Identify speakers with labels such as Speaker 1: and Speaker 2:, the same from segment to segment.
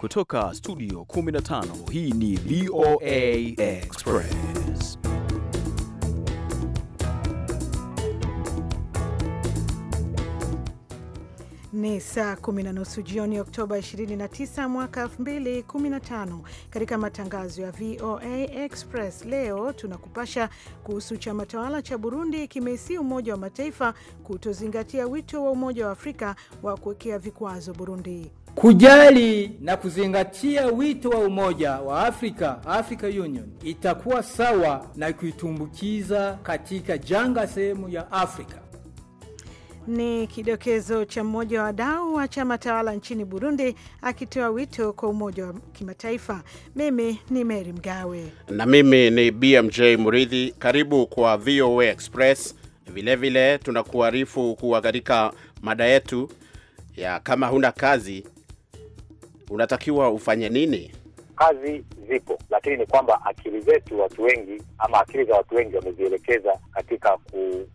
Speaker 1: Kutoka studio 15 hii ni VOA Express.
Speaker 2: Ni saa kumi na nusu jioni, Oktoba 29 mwaka 2015. Katika matangazo ya VOA Express leo tunakupasha kuhusu chama tawala cha Burundi kimeisi Umoja wa Mataifa kutozingatia wito wa Umoja wa Afrika wa kuwekea vikwazo Burundi.
Speaker 3: Kujali na kuzingatia wito wa Umoja wa Afrika, Africa Union, itakuwa sawa na kuitumbukiza katika janga sehemu ya Afrika.
Speaker 2: Ni kidokezo cha mmoja wa wadau wa chama tawala nchini Burundi akitoa wito kwa umoja wa kimataifa. Mimi ni Mary Mgawe na mimi
Speaker 4: ni BMJ Muridhi. Karibu kwa VOA Express. Vilevile tunakuarifu kuwa katika mada yetu ya kama huna kazi unatakiwa ufanye nini?
Speaker 5: Kazi zipo, lakini ni kwamba akili zetu watu wengi ama akili za watu wengi wamezielekeza katika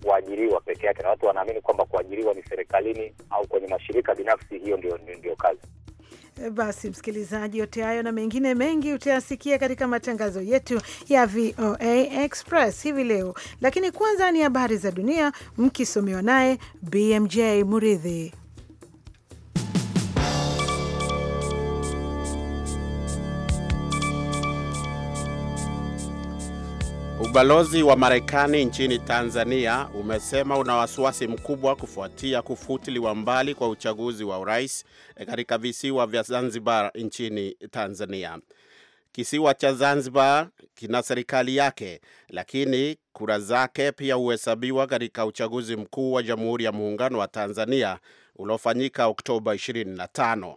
Speaker 5: kuajiriwa peke yake, na watu wanaamini kwamba kuajiriwa ni serikalini au kwenye mashirika binafsi, hiyo ndio, ndio, ndio kazi.
Speaker 2: Eh, basi msikilizaji, yote hayo na mengine mengi utayasikia katika matangazo yetu ya VOA Express hivi leo, lakini kwanza ni habari za dunia mkisomewa naye BMJ Muridhi.
Speaker 4: Ubalozi wa Marekani nchini Tanzania umesema una wasiwasi mkubwa kufuatia kufutiliwa mbali kwa uchaguzi wa urais eh, katika visiwa vya Zanzibar nchini Tanzania. Kisiwa cha Zanzibar kina serikali yake, lakini kura zake pia huhesabiwa katika uchaguzi mkuu wa Jamhuri ya Muungano wa Tanzania uliofanyika Oktoba 25.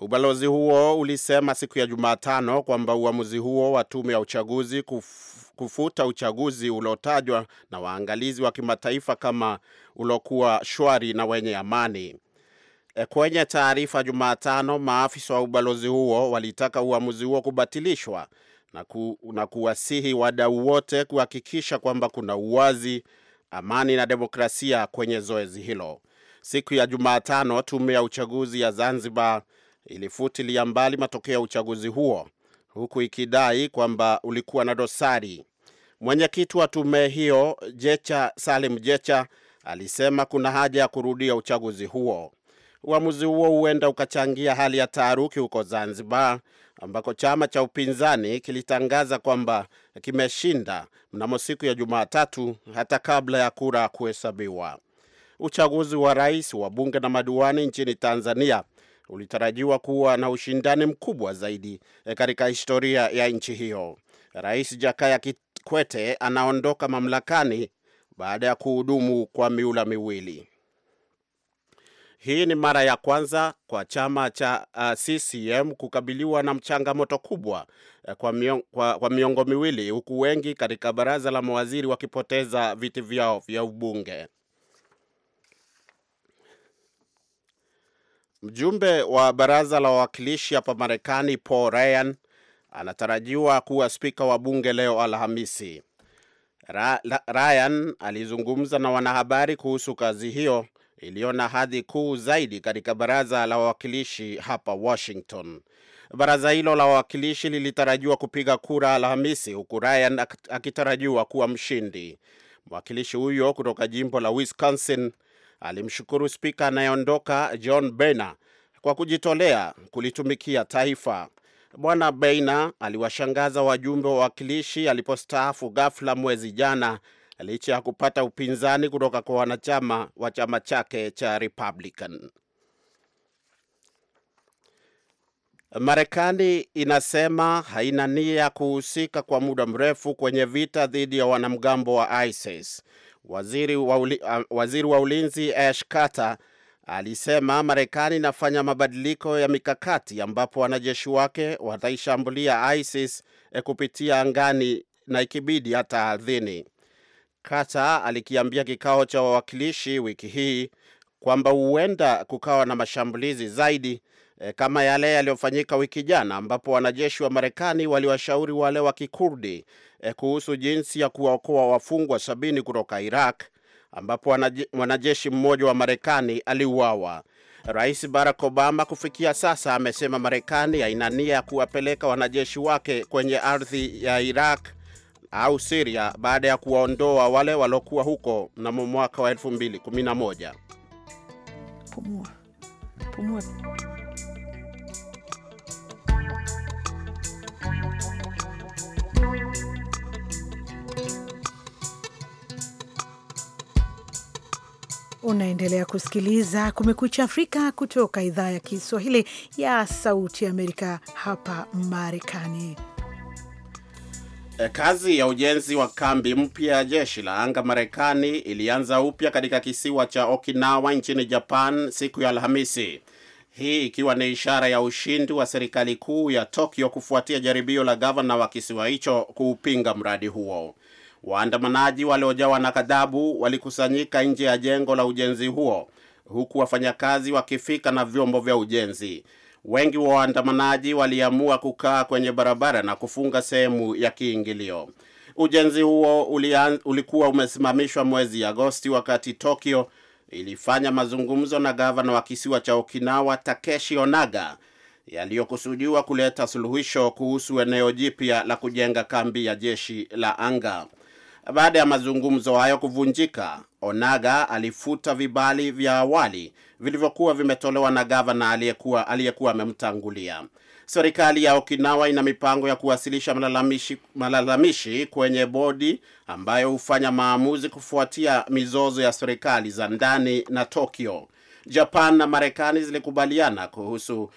Speaker 4: Ubalozi huo ulisema siku ya Jumatano kwamba uamuzi huo wa tume ya uchaguzi kufuta uchaguzi uliotajwa na waangalizi wa kimataifa kama uliokuwa shwari na wenye amani. E, kwenye taarifa Jumatano, maafisa wa ubalozi huo walitaka uamuzi huo kubatilishwa na, ku, na kuwasihi wadau wote kuhakikisha kwamba kuna uwazi, amani na demokrasia kwenye zoezi hilo. Siku ya Jumatano, tume ya uchaguzi ya Zanzibar ilifutilia mbali matokeo ya uchaguzi huo huku ikidai kwamba ulikuwa na dosari. Mwenyekiti wa tume hiyo Jecha Salim Jecha alisema kuna haja ya kurudia uchaguzi huo. Uamuzi huo huenda ukachangia hali ya taharuki huko Zanzibar, ambako chama cha upinzani kilitangaza kwamba kimeshinda mnamo siku ya Jumatatu, hata kabla ya kura kuhesabiwa. Uchaguzi wa rais, wa bunge na madiwani nchini Tanzania ulitarajiwa kuwa na ushindani mkubwa zaidi eh, katika historia ya nchi hiyo. Rais Jakaya Kikwete anaondoka mamlakani baada ya kuhudumu kwa miula miwili. Hii ni mara ya kwanza kwa chama cha uh, eh, CCM kukabiliwa na changamoto kubwa uh, kwa, miong, kwa, kwa miongo miwili huku wengi katika baraza la mawaziri wakipoteza viti vyao vya ubunge. Mjumbe wa baraza la wawakilishi hapa Marekani, Paul Ryan anatarajiwa kuwa spika wa bunge leo Alhamisi. Ryan alizungumza na wanahabari kuhusu kazi hiyo iliyo na hadhi kuu zaidi katika baraza la wawakilishi hapa Washington. Baraza hilo la wawakilishi lilitarajiwa kupiga kura Alhamisi, huku Ryan akitarajiwa kuwa mshindi. Mwakilishi huyo kutoka jimbo la Wisconsin alimshukuru spika anayeondoka John Bena kwa kujitolea kulitumikia taifa. Bwana beina aliwashangaza wajumbe wa wakilishi alipostaafu ghafla mwezi jana licha ya kupata upinzani kutoka kwa wanachama wa chama chake cha Republican. Marekani inasema haina nia kuhusika kwa muda mrefu kwenye vita dhidi ya wanamgambo wa ISIS. Waziri wa, uli, uh, waziri wa ulinzi Ash Carter alisema Marekani inafanya mabadiliko ya mikakati ambapo wanajeshi wake wataishambulia ISIS eh, kupitia angani na ikibidi hata ardhini. Carter alikiambia kikao cha wawakilishi wiki hii kwamba huenda kukawa na mashambulizi zaidi e, kama yale yaliyofanyika wiki jana ambapo wanajeshi wa Marekani waliwashauri wale wa Kikurdi e, kuhusu jinsi ya kuwaokoa wafungwa sabini kutoka Iraq ambapo mwanajeshi mmoja wa Marekani aliuawa. Rais Barack Obama kufikia sasa amesema Marekani haina nia ya kuwapeleka wanajeshi wake kwenye ardhi ya Iraq au Siria baada ya kuwaondoa wale waliokuwa huko mnamo mwaka wa 2011. Pumua. Pumua.
Speaker 2: Unaendelea kusikiliza Kumekucha Afrika kutoka idhaa ya Kiswahili ya Sauti Amerika hapa Marekani.
Speaker 4: Eh, kazi ya ujenzi wa kambi mpya ya jeshi la anga Marekani ilianza upya katika kisiwa cha Okinawa nchini Japan siku ya Alhamisi, hii ikiwa ni ishara ya ushindi wa serikali kuu ya Tokyo kufuatia jaribio la gavana wa kisiwa hicho kuupinga mradi huo. Waandamanaji waliojawa na ghadhabu walikusanyika nje ya jengo la ujenzi huo huku wafanyakazi wakifika na vyombo vya ujenzi. Wengi wa waandamanaji waliamua kukaa kwenye barabara na kufunga sehemu ya kiingilio. Ujenzi huo ulian, ulikuwa umesimamishwa mwezi Agosti wakati Tokyo ilifanya mazungumzo na gavana wa kisiwa cha Okinawa Takeshi Onaga yaliyokusudiwa kuleta suluhisho kuhusu eneo jipya la kujenga kambi ya jeshi la anga. Baada ya mazungumzo hayo kuvunjika, Onaga alifuta vibali vya awali vilivyokuwa vimetolewa na gavana aliyekuwa aliyekuwa amemtangulia. Serikali ya Okinawa ina mipango ya kuwasilisha malalamishi, malalamishi kwenye bodi ambayo hufanya maamuzi kufuatia mizozo ya serikali za ndani na Tokyo. Japan na Marekani zilikubaliana kuhusu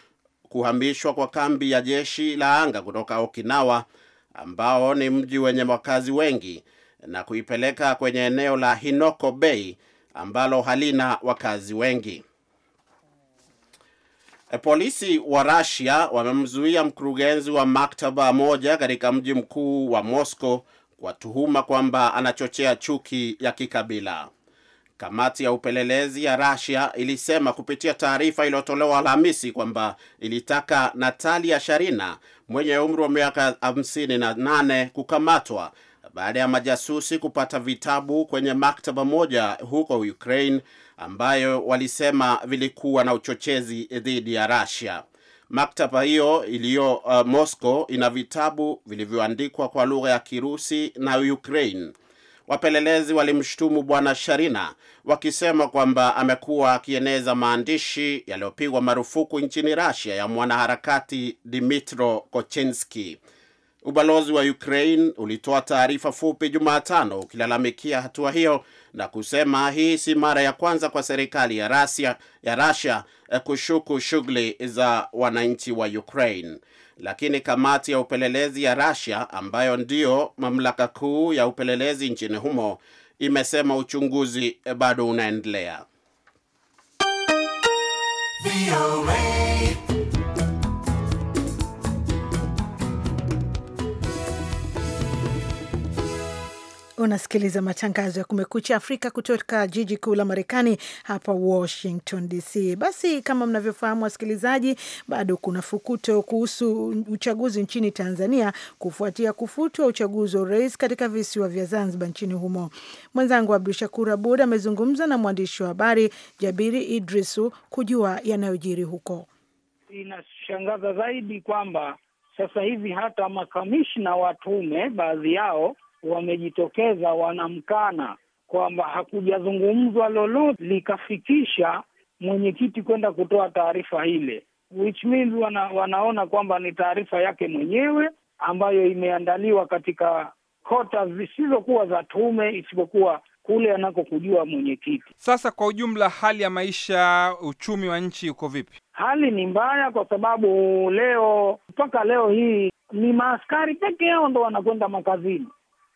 Speaker 4: kuhamishwa kwa kambi ya jeshi la anga kutoka Okinawa ambao ni mji wenye wakazi wengi na kuipeleka kwenye eneo la Hinoko Bay ambalo halina wakazi wengi. E, polisi wa Russia wamemzuia mkurugenzi wa maktaba moja katika mji mkuu wa Moscow kwa tuhuma kwamba anachochea chuki ya kikabila. Kamati ya upelelezi ya Russia ilisema kupitia taarifa iliyotolewa Alhamisi kwamba ilitaka Natalia Sharina mwenye umri wa miaka 58 kukamatwa baada ya majasusi kupata vitabu kwenye maktaba moja huko Ukraine ambayo walisema vilikuwa na uchochezi dhidi ya Russia. Maktaba hiyo iliyo uh, Moscow ina vitabu vilivyoandikwa kwa lugha ya Kirusi na Ukraine. Wapelelezi walimshutumu Bwana Sharina wakisema kwamba amekuwa akieneza maandishi yaliyopigwa marufuku nchini Russia ya mwanaharakati Dmitro kochinski Ubalozi wa Ukraine ulitoa taarifa fupi Jumatano ukilalamikia hatua hiyo na kusema hii si mara ya kwanza kwa serikali ya Russia, ya Russia eh, kushuku shughuli za wananchi wa Ukraine. Lakini kamati ya upelelezi ya Russia ambayo ndiyo mamlaka kuu ya upelelezi nchini humo imesema uchunguzi eh, bado unaendelea.
Speaker 2: Unasikiliza matangazo ya Kumekucha Afrika kutoka jiji kuu la Marekani, hapa Washington DC. Basi kama mnavyofahamu, wasikilizaji, bado kuna fukuto kuhusu uchaguzi nchini Tanzania kufuatia kufutwa uchaguzi wa urais katika visiwa vya Zanzibar nchini humo. Mwenzangu Abdu Shakur Abud amezungumza na mwandishi wa habari Jabiri Idrisu kujua yanayojiri huko.
Speaker 3: Inashangaza zaidi kwamba sasa hivi hata makamishna wa tume baadhi yao wamejitokeza wanamkana kwamba hakujazungumzwa lolote likafikisha mwenyekiti kwenda kutoa taarifa ile, which means wana, wanaona kwamba ni taarifa yake mwenyewe ambayo imeandaliwa katika kota zisizokuwa za tume isipokuwa kule anakokujua mwenyekiti. Sasa kwa ujumla, hali
Speaker 6: ya maisha, uchumi wa nchi uko vipi?
Speaker 3: Hali ni mbaya, kwa sababu leo mpaka leo hii ni maaskari peke yao ndo wanakwenda makazini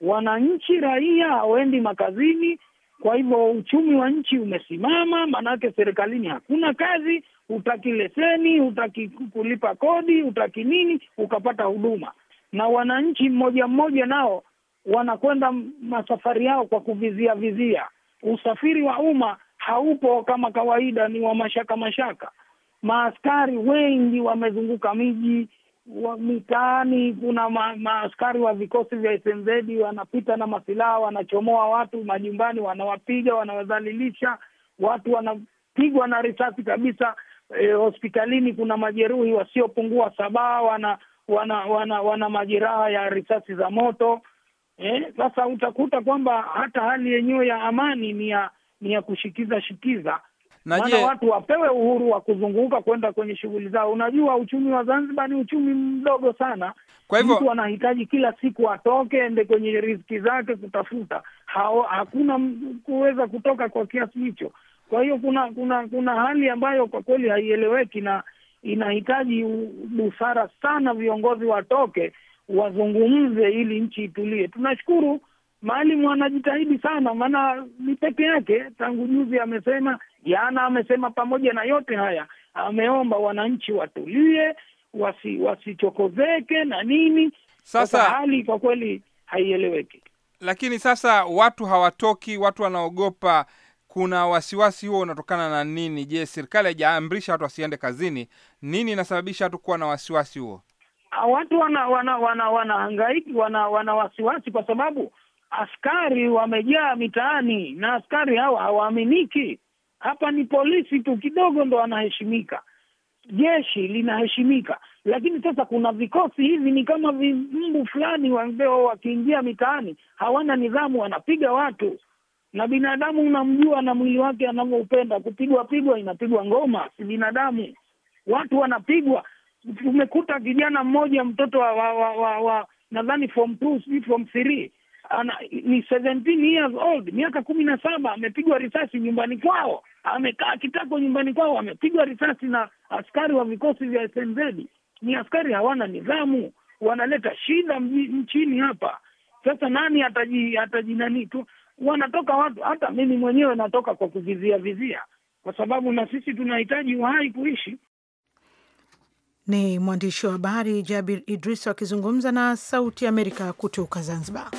Speaker 3: wananchi raia hawaendi makazini, kwa hivyo uchumi wa nchi umesimama, maanake serikalini hakuna kazi, hutaki leseni, hutaki kulipa kodi, hutaki nini, ukapata huduma. Na wananchi mmoja mmoja nao wanakwenda masafari yao kwa kuvizia vizia. Usafiri wa umma haupo kama kawaida, ni wa mashaka mashaka. Maaskari wengi wamezunguka miji mitaani kuna ma, maaskari wa vikosi vya SMZ wanapita na masilaha, wanachomoa watu majumbani, wanawapiga, wanawadhalilisha watu, wanapigwa na risasi kabisa. E, hospitalini kuna majeruhi wasiopungua saba, wana wana wana, wana majeraha ya risasi za moto. E, sasa e, utakuta kwamba hata hali yenyewe ya amani ni ya ni ya kushikiza shikiza maana watu wapewe uhuru wa kuzunguka kwenda kwenye shughuli zao. Unajua, uchumi wa Zanzibar ni uchumi mdogo sana, kwa hivyo mtu anahitaji kila siku atoke ende kwenye riziki zake kutafuta hao, hakuna kuweza kutoka kwa kiasi hicho. Kwa hiyo kuna kuna kuna hali ambayo kwa kweli haieleweki na inahitaji busara sana, viongozi watoke wazungumze ili nchi itulie. Tunashukuru maalimu anajitahidi sana, maana ni peke yake tangu juzi amesema ya Jana amesema pamoja na yote haya, ameomba wananchi watulie, wasichokozeke na nini. Sasa hali kwa kweli haieleweki,
Speaker 6: lakini sasa watu hawatoki, watu wanaogopa. Kuna wasiwasi huo unatokana na nini? Je, serikali haijaamrisha watu wasiende kazini? Nini inasababisha watu kuwa na wasiwasi huo?
Speaker 3: Ah, watu wana wana wana wanahangaiki wana, wana wasiwasi kwa sababu askari wamejaa mitaani na askari hawa hawaaminiki. Hapa ni polisi tu kidogo ndo anaheshimika, jeshi linaheshimika, lakini sasa kuna vikosi hivi ni kama vimbu fulani wambeo, wakiingia mitaani hawana nidhamu, wanapiga watu na binadamu unamjua na mwili wake anavyoupenda kupigwa pigwa, inapigwa ngoma, si binadamu, watu wanapigwa. Tumekuta kijana mmoja mtoto wa, wa, wa, wa, wa nadhani form two sijui form three ana, ni 17 years old, miaka kumi na saba, amepigwa risasi nyumbani kwao, amekaa kitako nyumbani kwao, amepigwa risasi na askari wa vikosi vya SMZ. Ni askari hawana nidhamu, wanaleta shida nchini hapa. Sasa nani ataji, ataji nani tu wanatoka watu. Hata mimi mwenyewe natoka kwa kuvizia vizia, kwa sababu na sisi tunahitaji uhai kuishi.
Speaker 2: Ni mwandishi wa habari Jabir Idris akizungumza na Sauti Amerika kutoka Zanzibar.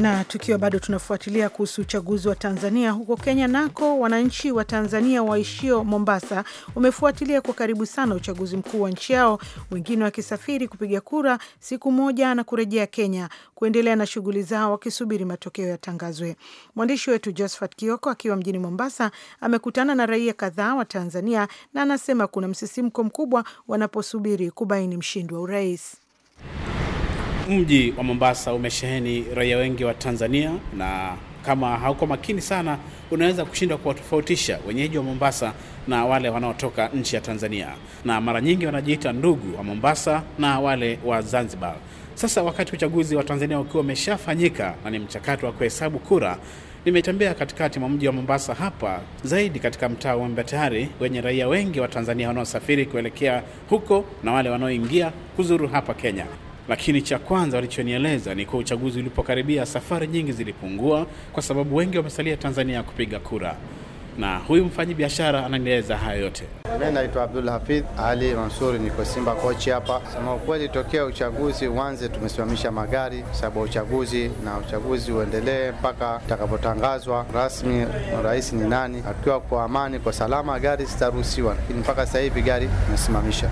Speaker 2: Na tukiwa bado tunafuatilia kuhusu uchaguzi wa Tanzania, huko Kenya nako wananchi wa Tanzania waishio Mombasa wamefuatilia kwa karibu sana uchaguzi mkuu wa nchi yao, wengine wakisafiri kupiga kura siku moja na kurejea Kenya kuendelea na shughuli zao wakisubiri matokeo yatangazwe. Mwandishi wetu Josphat Kioko akiwa mjini Mombasa amekutana na raia kadhaa wa Tanzania na anasema kuna msisimko mkubwa wanaposubiri kubaini mshindi wa urais.
Speaker 1: Mji wa Mombasa umesheheni raia wengi wa Tanzania na kama hauko makini sana unaweza kushindwa kuwatofautisha wenyeji wa Mombasa na wale wanaotoka nchi ya Tanzania, na mara nyingi wanajiita ndugu wa Mombasa na wale wa Zanzibar. Sasa wakati uchaguzi wa Tanzania ukiwa umeshafanyika na ni mchakato wa kuhesabu kura, nimetembea katikati mwa mji wa Mombasa hapa zaidi katika mtaa wa Mbatari wenye raia wengi wa Tanzania wanaosafiri kuelekea huko na wale wanaoingia kuzuru hapa Kenya. Lakini cha kwanza walichonieleza ni kuwa uchaguzi ulipokaribia, safari nyingi zilipungua kwa sababu wengi wamesalia Tanzania kupiga kura, na huyu mfanyi biashara ananieleza hayo yote. Mimi naitwa Abdul Hafidh Ali Mansuri, niko Simba kochi hapa. Sema ukweli, tokea uchaguzi uanze tumesimamisha magari kwa sababu uchaguzi, na uchaguzi uendelee mpaka utakapotangazwa rasmi rais ni nani. Akiwa kwa amani, kwa salama, gari zitaruhusiwa, lakini mpaka sasa hivi gari tumesimamisha.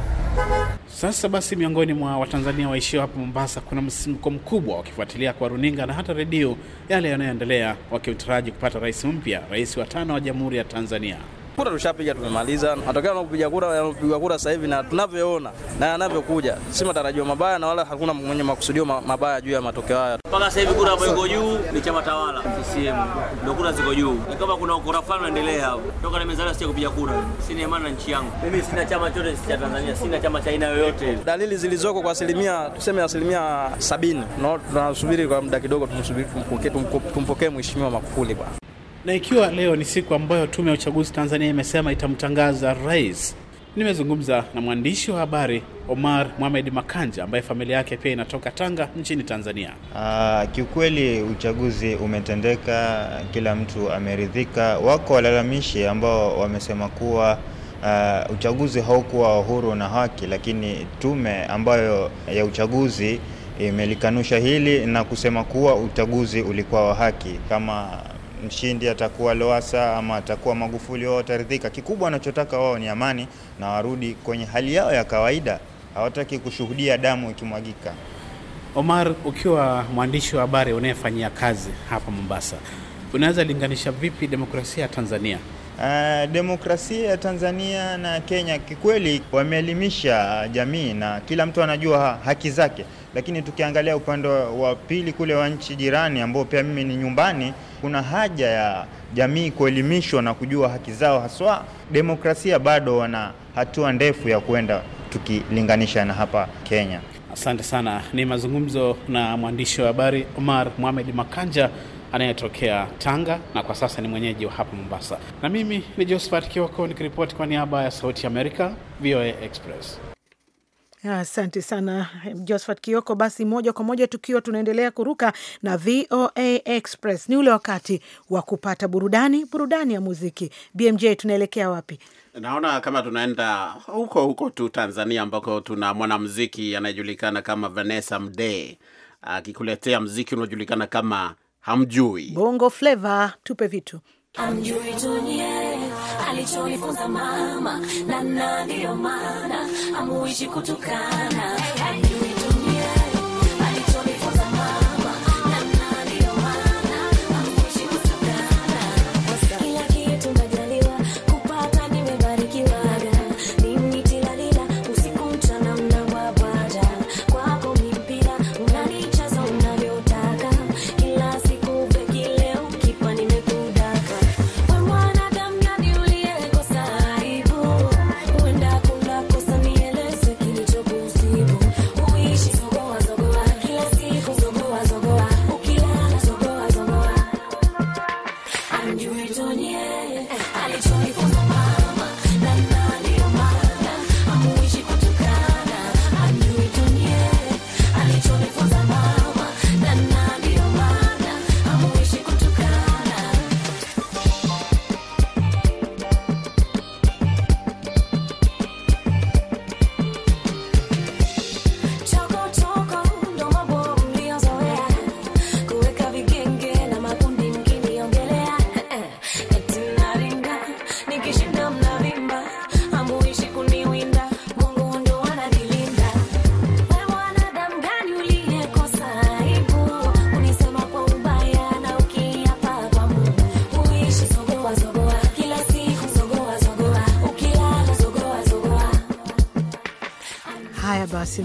Speaker 1: Sasa basi, miongoni mwa Watanzania waishio hapa Mombasa kuna msimko mkubwa, wakifuatilia kwa runinga na hata redio yale yanayoendelea, wakimtaraji kupata rais mpya, rais wa tano wa Jamhuri ya Tanzania kura tushapiga, tumemaliza. Matokeo yanayopiga kura yanapigwa kura sasa hivi na tunavyoona na yanavyokuja, si matarajio mabaya na wala hakuna mwenye makusudio mabaya juu ya matokeo haya. Mpaka sasa hivi kura ambayo iko juu
Speaker 4: ni chama tawala CCM,
Speaker 5: ndio kura ziko juu. Ni kama kuna ukora fulani unaendelea hapo. Toka nimezaliwa sija kupiga kura, sina imani
Speaker 1: na nchi yangu mimi, sina chama chote cha Tanzania, sina chama cha aina yoyote. Dalili zilizoko kwa asilimia tuseme asilimia sabini, tunasubiri kwa muda kidogo, tumsubiri tumpokee, tumpokee mheshimiwa Magufuli bwana. Na ikiwa leo ni siku ambayo Tume ya Uchaguzi Tanzania imesema itamtangaza rais, nimezungumza na mwandishi wa habari Omar Mohamed Makanja ambaye familia yake pia inatoka Tanga nchini Tanzania.
Speaker 6: Aa, ah, kiukweli uchaguzi umetendeka, kila mtu ameridhika. Wako walalamishi ambao wamesema kuwa Uh, uchaguzi haukuwa huru na haki, lakini tume ambayo ya uchaguzi imelikanusha hili na kusema kuwa uchaguzi ulikuwa wa haki. Kama mshindi atakuwa Lowassa ama atakuwa Magufuli, wao wataridhika. Kikubwa wanachotaka wao ni amani na warudi kwenye hali yao ya kawaida. Hawataki kushuhudia damu ikimwagika.
Speaker 1: Omar, ukiwa mwandishi wa habari unayefanyia kazi hapa Mombasa, unaweza linganisha vipi demokrasia ya Tanzania? Uh, demokrasia ya Tanzania
Speaker 6: na Kenya kikweli wameelimisha jamii na kila mtu anajua haki zake, lakini tukiangalia upande wa pili kule wa nchi jirani ambao pia mimi ni nyumbani kuna haja ya jamii kuelimishwa na kujua haki zao, haswa demokrasia. Bado wana hatua ndefu ya kuenda tukilinganisha na hapa Kenya.
Speaker 1: Asante sana. Ni mazungumzo na mwandishi wa habari Omar Mohamed Makanja anayetokea Tanga na kwa sasa ni mwenyeji wa hapa Mombasa, na mimi ni Josephat Kioko nikiripoti kwa niaba ya Sauti ya Amerika, VOA Express.
Speaker 2: Asante sana eh, Josphat Kioko. Basi moja kwa moja tukiwa tunaendelea kuruka na VOA Express, ni ule wakati wa kupata burudani, burudani ya muziki. BMJ, tunaelekea wapi? Naona
Speaker 4: kama tunaenda huko huko tu Tanzania, ambako tuna mwanamziki anayejulikana kama Vanessa Mdee akikuletea mziki unaojulikana kama Hamjui, bongo
Speaker 2: fleva. Tupe vitu
Speaker 7: Hamjui dunia alichonifunza mama, na ndio maana amuishi kutukana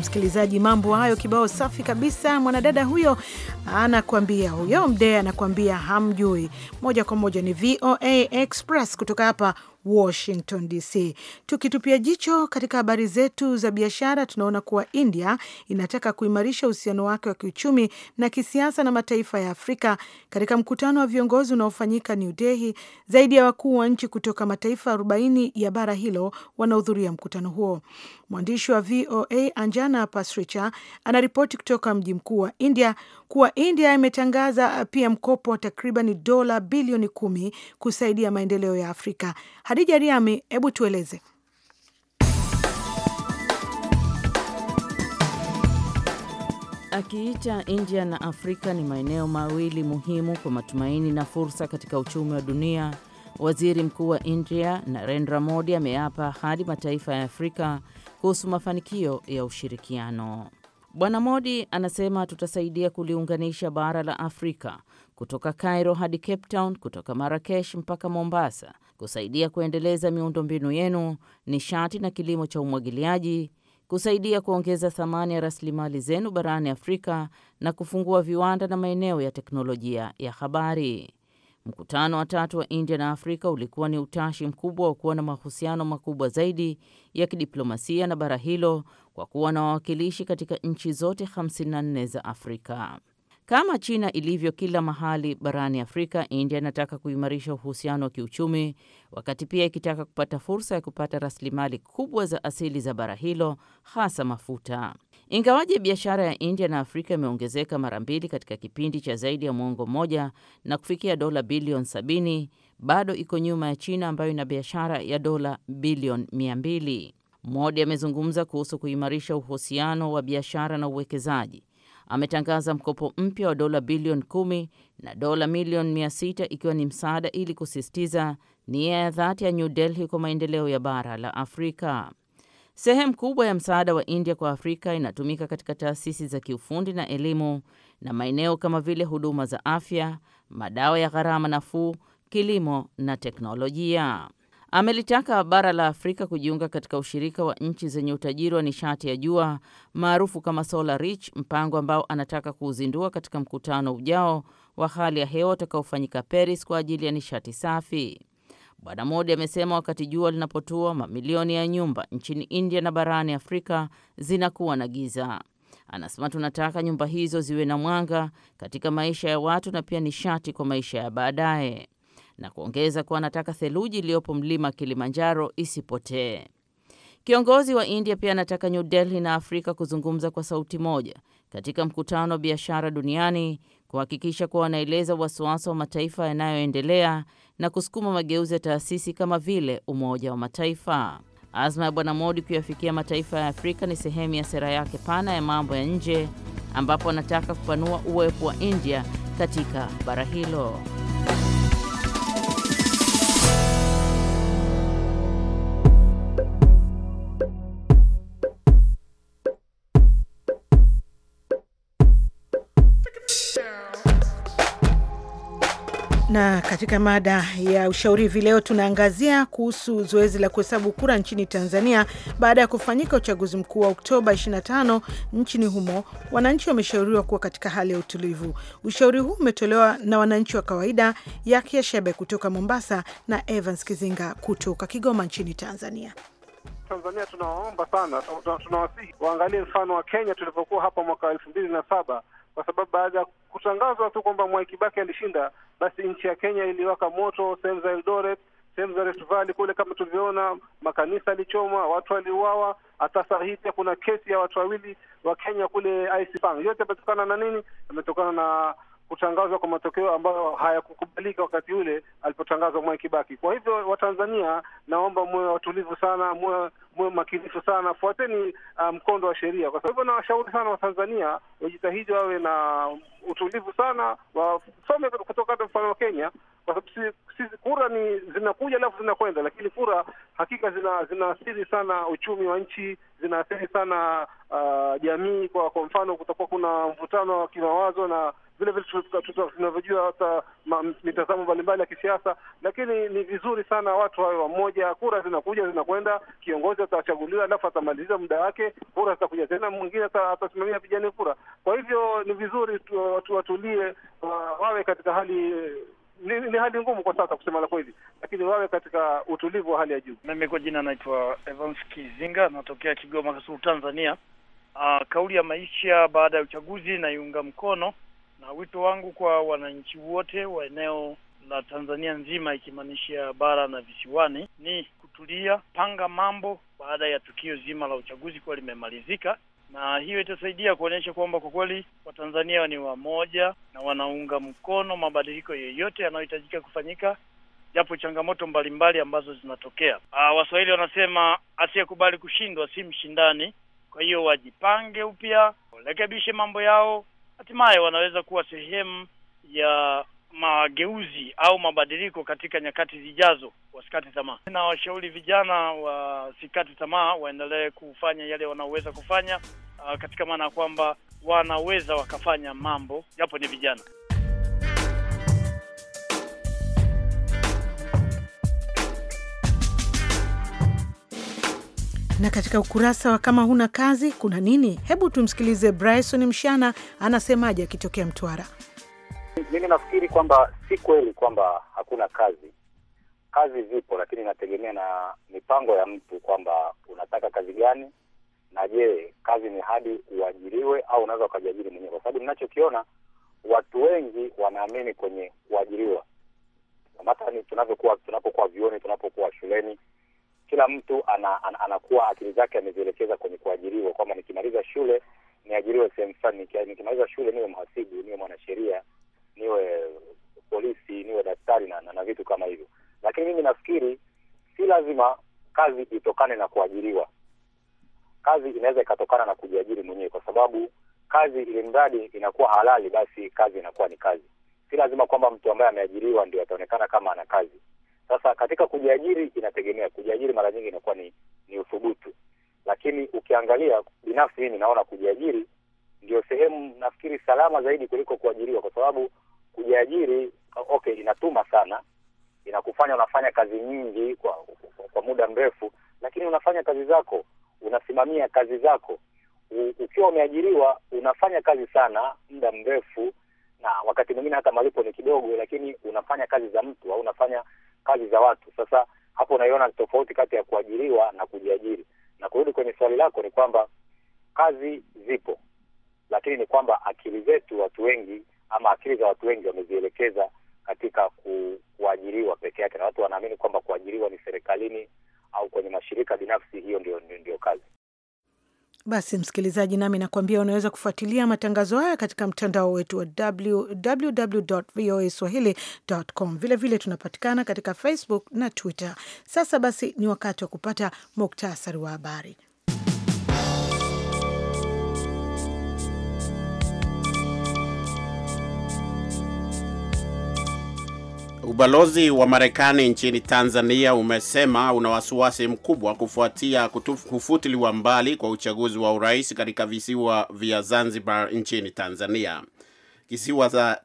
Speaker 2: msikilizaji, mambo hayo kibao safi kabisa. Mwanadada huyo anakuambia, huyo mdee anakuambia hamjui. Moja kwa moja ni VOA Express kutoka hapa Washington DC. Tukitupia jicho katika habari zetu za biashara, tunaona kuwa India inataka kuimarisha uhusiano wake wa kiuchumi na kisiasa na mataifa ya Afrika. Katika mkutano wa viongozi unaofanyika New Delhi, zaidi ya wakuu wa nchi kutoka mataifa 40 ya bara hilo wanahudhuria mkutano huo. Mwandishi wa VOA Anjana Pasricha anaripoti kutoka mji mkuu wa India kuwa India imetangaza pia mkopo wa takriban dola bilioni kumi kusaidia maendeleo ya Afrika. Hadija Riami, hebu tueleze.
Speaker 8: Akiita India na Afrika ni maeneo mawili muhimu kwa matumaini na fursa katika uchumi wa dunia, waziri mkuu wa India Narendra Modi ameapa hadi mataifa ya Afrika kuhusu mafanikio ya ushirikiano. Bwana Modi anasema tutasaidia kuliunganisha bara la Afrika kutoka Cairo hadi Cape Town, kutoka Marrakesh mpaka Mombasa, kusaidia kuendeleza miundombinu yenu, nishati na kilimo cha umwagiliaji, kusaidia kuongeza thamani ya rasilimali zenu barani Afrika na kufungua viwanda na maeneo ya teknolojia ya habari. Mkutano wa tatu wa India na Afrika ulikuwa ni utashi mkubwa wa kuwa na mahusiano makubwa zaidi ya kidiplomasia na bara hilo kwa kuwa na wawakilishi katika nchi zote 54 za Afrika. Kama China ilivyo kila mahali barani Afrika, India inataka kuimarisha uhusiano wa kiuchumi, wakati pia ikitaka kupata fursa ya kupata rasilimali kubwa za asili za bara hilo, hasa mafuta. Ingawaje biashara ya India na Afrika imeongezeka mara mbili katika kipindi cha zaidi ya mwongo mmoja na kufikia dola bilioni 70, bado iko nyuma ya China ambayo ina biashara ya dola bilioni mbili. Modi amezungumza kuhusu kuimarisha uhusiano wa biashara na uwekezaji ametangaza mkopo mpya wa dola bilioni kumi na dola milioni sita ikiwa ni msaada ili kusisitiza nia ya dhati ya New Delhi kwa maendeleo ya bara la Afrika. Sehemu kubwa ya msaada wa India kwa Afrika inatumika katika taasisi za kiufundi na elimu na maeneo kama vile huduma za afya, madawa ya gharama nafuu, kilimo na teknolojia amelitaka bara la Afrika kujiunga katika ushirika wa nchi zenye utajiri wa nishati ya jua maarufu kama Solar Rich, mpango ambao anataka kuuzindua katika mkutano ujao wa hali ya hewa utakaofanyika Paris kwa ajili ya nishati safi. Bwana Modi amesema wakati jua linapotua, mamilioni ya nyumba nchini India na barani Afrika zinakuwa na giza. Anasema tunataka nyumba hizo ziwe na mwanga katika maisha ya watu na pia nishati kwa maisha ya baadaye na kuongeza kuwa anataka theluji iliyopo mlima Kilimanjaro isipotee. Kiongozi wa India pia anataka New Delhi na Afrika kuzungumza kwa sauti moja katika mkutano wa biashara duniani kuhakikisha kuwa wanaeleza wasiwasi wa mataifa yanayoendelea na kusukuma mageuzi ya taasisi kama vile Umoja wa Mataifa. Azma ya Bwana Modi kuyafikia mataifa ya Afrika ni sehemu ya sera yake pana ya mambo ya nje ambapo anataka kupanua uwepo wa India katika bara hilo.
Speaker 2: Na katika mada ya ushauri hivi leo tunaangazia kuhusu zoezi la kuhesabu kura nchini Tanzania baada ya kufanyika uchaguzi mkuu wa Oktoba 25 nchini humo. Wananchi wameshauriwa kuwa katika hali ya utulivu. Ushauri huu umetolewa na wananchi wa kawaida. Yakia Shebe kutoka Mombasa na Evans Kizinga kutoka Kigoma nchini Tanzania.
Speaker 9: Tanzania tunawaomba sana, tunawasihi waangalie mfano wa Kenya tulivyokuwa hapa mwaka elfu mbili na saba kwa sababu baada ya kutangazwa tu kwamba Mwai Kibaki alishinda, basi nchi ya Kenya iliwaka moto, sehemu za Eldoret, sehemu za Rift Valley kule, kama tulivyoona, makanisa alichoma watu waliuawa. Hata saa hii pia kuna kesi ya watu wawili wa Kenya kule Isipang. Yote yametokana na nini? Yametokana na kutangazwa kwa matokeo ambayo hayakukubalika wakati ule alipotangazwa Mwai Kibaki. Kwa hivyo, Watanzania, naomba muwe watulivu sana, muwe muwe makinifu sana, fuateni uh, mkondo um, wa sheria. Kwa hivyo, nawashauri sana Watanzania wajitahidi wawe na utulivu sana, wasome kutoka hata mfano wa Kenya, kwa sababu si, kura ni zinakuja alafu zinakwenda, lakini kura hakika zina sana uchumi wa nchi, zinaathiri sana uh, jamii. Kwa kwa mfano, kutakuwa kuna mvutano wa kimawazo na vile vile tunavyojua hata mitazamo mbalimbali ya kisiasa, lakini ni vizuri sana watu wawe wamoja. Kura zinakuja zinakwenda, kiongozi atachaguliwa, alafu atamaliza muda wake, kura zitakuja tena, mwingine atasimamia vijani kura. Kwa hivyo ni vizuri watu watulie, wawe katika hali ni,
Speaker 10: ni hali ngumu kwa sasa kusema la kweli, lakini wawe katika utulivu wa hali ya juu. Mimi kwa jina naitwa Evans Kizinga, natokea Kigoma Kasulu, Tanzania. Uh, kauli ya maisha baada ya uchaguzi naiunga mkono na wito wangu kwa wananchi wote wa eneo la Tanzania nzima ikimaanisha bara na visiwani ni kutulia, panga mambo baada ya tukio zima la uchaguzi kuwa limemalizika, na hiyo itasaidia kuonyesha kwamba kwa kweli Watanzania ni wamoja na wanaunga mkono mabadiliko yoyote yanayohitajika kufanyika, japo changamoto mbalimbali ambazo zinatokea. Aa, ah, Waswahili wanasema asiyekubali kushindwa si mshindani. Kwa hiyo wajipange upya, warekebishe mambo yao hatimaye wanaweza kuwa sehemu ya mageuzi au mabadiliko katika nyakati zijazo. Wasikate tamaa, na washauri vijana wasikate tamaa, waendelee kufanya yale wanaoweza kufanya, ah, katika maana ya kwamba wanaweza wakafanya mambo japo ni vijana.
Speaker 2: Na katika ukurasa wa kama huna kazi kuna nini, hebu tumsikilize Bryson Mshana anasemaje akitokea Mtwara.
Speaker 5: Mimi nafikiri kwamba si kweli kwamba hakuna kazi. Kazi zipo, lakini inategemea na mipango ya mtu kwamba unataka kazi gani, na je, kazi ni hadi uajiriwe au unaweza ukajiajiri mwenyewe? Kwa sababu ninachokiona watu wengi wanaamini kwenye kuajiriwa, hata tunavyokuwa tunapokuwa vioni tunapokuwa shuleni kila mtu ana, ana, anakuwa akili zake amezielekeza kwenye kuajiriwa, kwamba nikimaliza shule niajiriwe sehemu fulani, nikimaliza shule niwe mhasibu, niwe mwanasheria, niwe polisi, niwe daktari na, na, na vitu kama hivyo. Lakini mimi nafikiri si lazima kazi itokane na kuajiriwa. Kazi inaweza ikatokana na kujiajiri mwenyewe, kwa sababu kazi, ili mradi inakuwa halali, basi kazi inakuwa ni kazi. Si lazima kwamba mtu ambaye ameajiriwa ndio ataonekana kama ana kazi. Sasa katika kujiajiri inategemea, kujiajiri mara nyingi inakuwa ni ni uthubutu, lakini ukiangalia binafsi, mimi naona kujiajiri ndio sehemu nafikiri salama zaidi kuliko kuajiriwa, kwa sababu kujiajiri okay, inatuma sana, inakufanya unafanya kazi nyingi kwa, kwa, kwa muda mrefu, lakini unafanya kazi zako, unasimamia kazi zako. Ukiwa umeajiriwa unafanya kazi sana muda mrefu, na wakati mwingine hata malipo ni kidogo, lakini unafanya kazi za mtu au unafanya kazi za watu. Sasa hapo unaiona tofauti kati ya kuajiriwa na kujiajiri. Na kurudi kwenye swali lako, ni kwamba kazi zipo, lakini ni kwamba akili zetu watu wengi ama akili za watu wengi wamezielekeza katika ku, kuajiriwa peke yake, na watu wanaamini kwamba kuajiriwa ni serikalini au kwenye mashirika binafsi, hiyo ndio, ndio, ndio kazi.
Speaker 2: Basi msikilizaji, nami nakuambia unaweza kufuatilia matangazo haya katika mtandao wetu wa voa swahilicom Vilevile tunapatikana katika Facebook na Twitter. Sasa basi, ni wakati wa kupata muktasari wa habari.
Speaker 4: Ubalozi wa Marekani nchini Tanzania umesema una wasiwasi mkubwa kufuatia kufutiliwa mbali kwa uchaguzi wa urais katika visiwa vya Zanzibar nchini Tanzania. Kisiwa za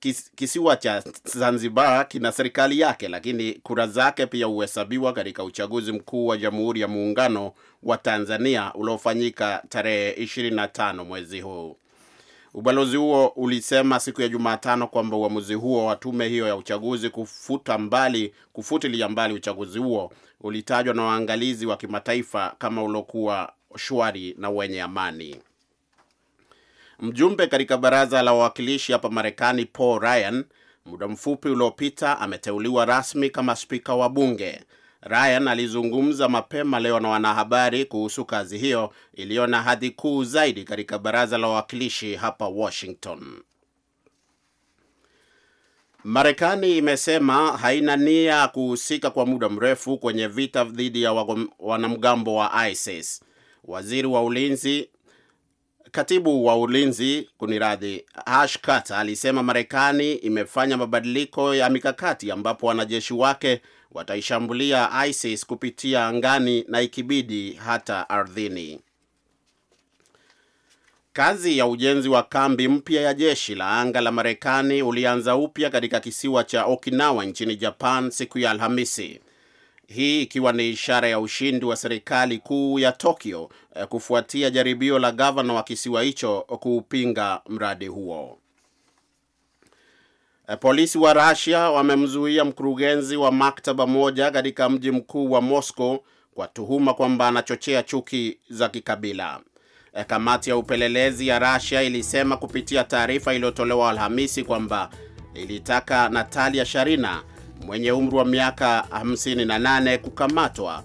Speaker 4: kis, kisiwa cha Zanzibar kina serikali yake, lakini kura zake pia huhesabiwa katika uchaguzi mkuu wa Jamhuri ya Muungano wa Tanzania uliofanyika tarehe 25 mwezi huu. Ubalozi huo ulisema siku ya Jumatano kwamba uamuzi huo wa tume hiyo ya uchaguzi kufuta mbali kufutilia mbali uchaguzi huo ulitajwa na waangalizi wa kimataifa kama uliokuwa shwari na wenye amani. Mjumbe katika baraza la wawakilishi hapa Marekani, Paul Ryan, muda mfupi uliopita ameteuliwa rasmi kama spika wa bunge. Ryan alizungumza mapema leo na wanahabari kuhusu kazi hiyo iliyo na hadhi kuu zaidi katika baraza la wawakilishi hapa Washington. Marekani imesema haina nia ya kuhusika kwa muda mrefu kwenye vita dhidi ya wanamgambo wa ISIS. Waziri wa ulinzi Katibu wa ulinzi kuniradhi, Ash Carter alisema Marekani imefanya mabadiliko ya mikakati ambapo wanajeshi wake wataishambulia ISIS kupitia angani na ikibidi hata ardhini. Kazi ya ujenzi wa kambi mpya ya jeshi la anga la Marekani ulianza upya katika kisiwa cha Okinawa nchini Japan siku ya Alhamisi, hii ikiwa ni ishara ya ushindi wa serikali kuu ya Tokyo eh, kufuatia jaribio la gavana wa kisiwa hicho kuupinga mradi huo. Eh, polisi wa Russia wamemzuia mkurugenzi wa maktaba moja katika mji mkuu wa Moscow kwa tuhuma kwamba anachochea chuki za kikabila. Eh, kamati ya upelelezi ya Russia ilisema kupitia taarifa iliyotolewa Alhamisi kwamba ilitaka Natalia Sharina mwenye umri wa miaka 58 kukamatwa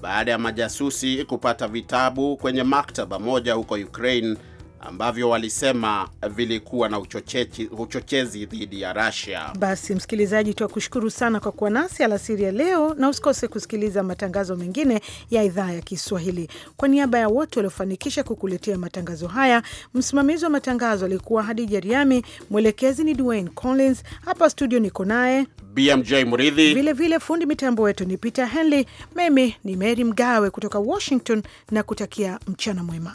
Speaker 4: baada ya majasusi kupata vitabu kwenye maktaba moja huko Ukraine ambavyo walisema vilikuwa na uchochezi, uchochezi dhidi ya Russia.
Speaker 2: Basi msikilizaji, twakushukuru sana kwa kuwa nasi alasiri ya leo, na usikose kusikiliza matangazo mengine ya idhaa ya Kiswahili. Kwa niaba ya wote waliofanikisha kukuletea matangazo haya, msimamizi wa matangazo alikuwa Hadija Riami, mwelekezi ni Dwayne Collins, hapa studio niko naye
Speaker 4: BMJ mridhi
Speaker 2: vilevile fundi mitambo wetu ni Peter Henley. Mimi ni Mary Mgawe kutoka Washington na kutakia mchana mwema.